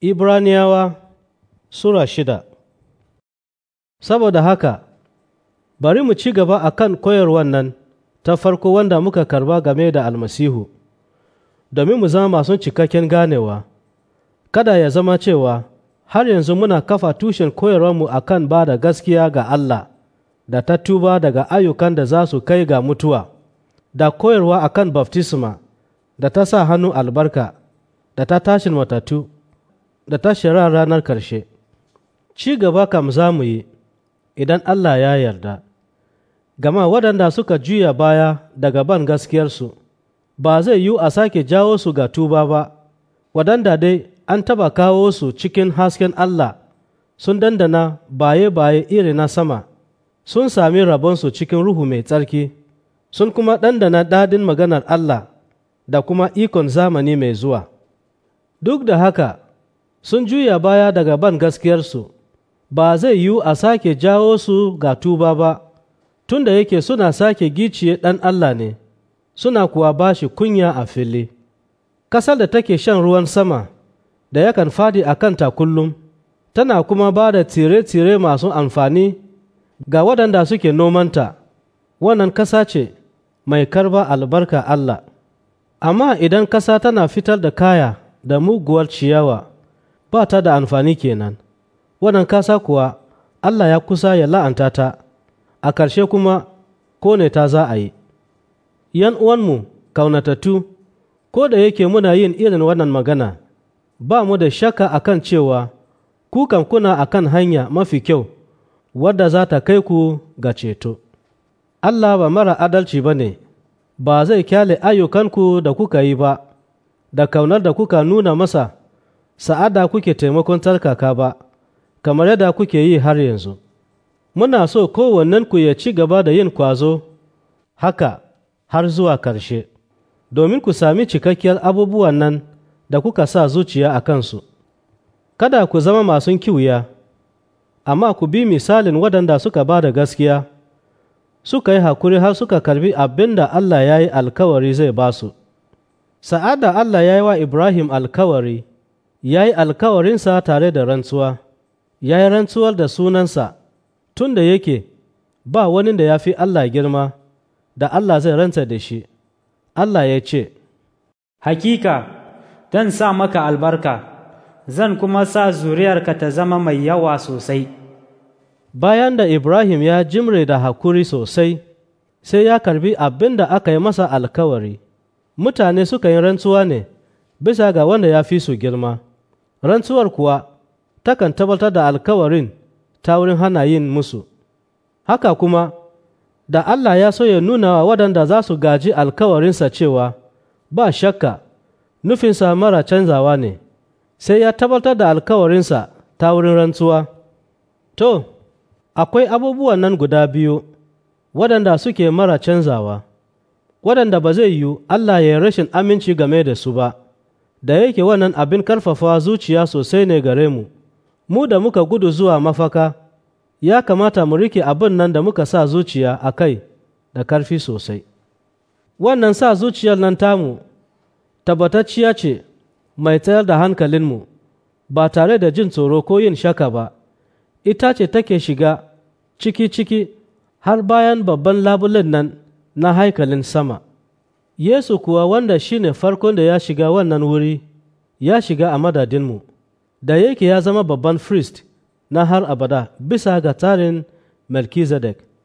Ibraniyawa Sura shida Saboda haka, bari mu ci gaba a kan koyarwan nan ta farko wanda muka karba game da almasihu, domin mu zama masu cikakken ganewa, kada ya zama cewa har yanzu muna kafa tushen koyarwanmu a kan ba da gaskiya ga Allah da ta tuba daga ayyukan da za su kai ga mutuwa, da koyarwa a kan baftisma, da ta sa hannu albarka, da ta tashin matattu. da tashin ranar ƙarshe ci gaba kam za mu yi idan Allah ya yarda gama waɗanda suka juya baya daga ban gaskiyarsu ba zai yiwu a sake jawo su ga tuba ba waɗanda dai an taba kawo su cikin hasken Allah sun dandana baye-baye iri na sama sun sami rabonsu cikin ruhu mai tsarki sun kuma dandana dadin maganar Allah da kuma ikon zamani mai zuwa duk da haka sun juya baya daga ban gaskiyarsu ba zai yiwu a sake jawo su ga tuba ba tunda yake suna sake giciye ɗan Allah ne suna kuwa ba shi kunya a fili ƙasar da take shan ruwan sama da yakan fadi a kanta kullum tana kuma ba da tsire-tsire masu amfani ga waɗanda suke nomanta wannan ƙasa ce mai karba albarka Allah amma idan ƙasa tana fitar da kaya da muguwar ciyawa ba ta da amfani kenan wannan kasa kuwa Allah ya kusa ya la'anta ta a ƙarshe kuma ko kone ta za a yi yan uwanmu kaunatattu ko da yake muna yin irin wannan magana ba mu da shaka akan cewa kukan kuna akan hanya mafi kyau wadda za ta kai ku ga ceto Allah ba mara adalci ba ne ba zai kyale ayyukanku da kuka yi ba da kaunar da kuka nuna masa sa'ada kuke taimakon tarkaka ba, kamar yadda kuke yi har yanzu. Muna so ku ya ci gaba da yin kwazo haka har zuwa ƙarshe, domin ku sami cikakkiyar abubuwan nan da kuka sa zuciya a kansu. Kada ku zama masu kiwuya, amma ku bi misalin waɗanda suka ba da gaskiya, suka yi hakuri har suka karbi abin da Allah ya yi alkawari zai ba su. Sa'ada Allah ya yi wa Ibrahim alkawari. ya yi alkawarinsa tare da rantsuwa, ya yi rantsuwar da sunansa, tun da yake ba wani da ya fi Allah girma, da Allah zai ranta da shi. Allah ya ce, Hakika, zan sa maka albarka, zan kuma sa zuriyarka ta zama mai yawa sosai. Bayan da Ibrahim ya jimre da hakuri sosai, sai ya karbi abin da aka yi masa alkawari, mutane suka yi rantsuwa ne bisa ga wanda ya fi su girma. rantsuwar kuwa takan tabbatar da alkawarin ta wurin hana yin musu haka kuma da Allah ya so ya nuna wa waɗanda za su gaji alkawarinsa cewa ba shakka nufinsa mara canzawa ne sai ya tabbatar da alkawarinsa ta wurin rantsuwa to akwai abubuwan nan guda biyu waɗanda suke mara canzawa waɗanda ba zai yiwu Allah ya rashin aminci game da su ba da yake wannan abin karfafa zuciya sosai ne gare mu mu da muka gudu zuwa mafaka ya kamata mu rike abin nan da muka sa zuciya a kai da karfi sosai wannan sa zuciyar nan tamu tabbatacciya ce mai tsayar da hankalinmu ba tare da jin tsoro ko yin shaka ba ita ce take shiga ciki-ciki har bayan babban labulin nan na haikalin sama Yesu kuwa wanda shi ne farkon da ya shiga wannan wuri, ya shiga a madadinmu, da yake ya zama babban frist na har abada bisa ga tsarin Melkizedek.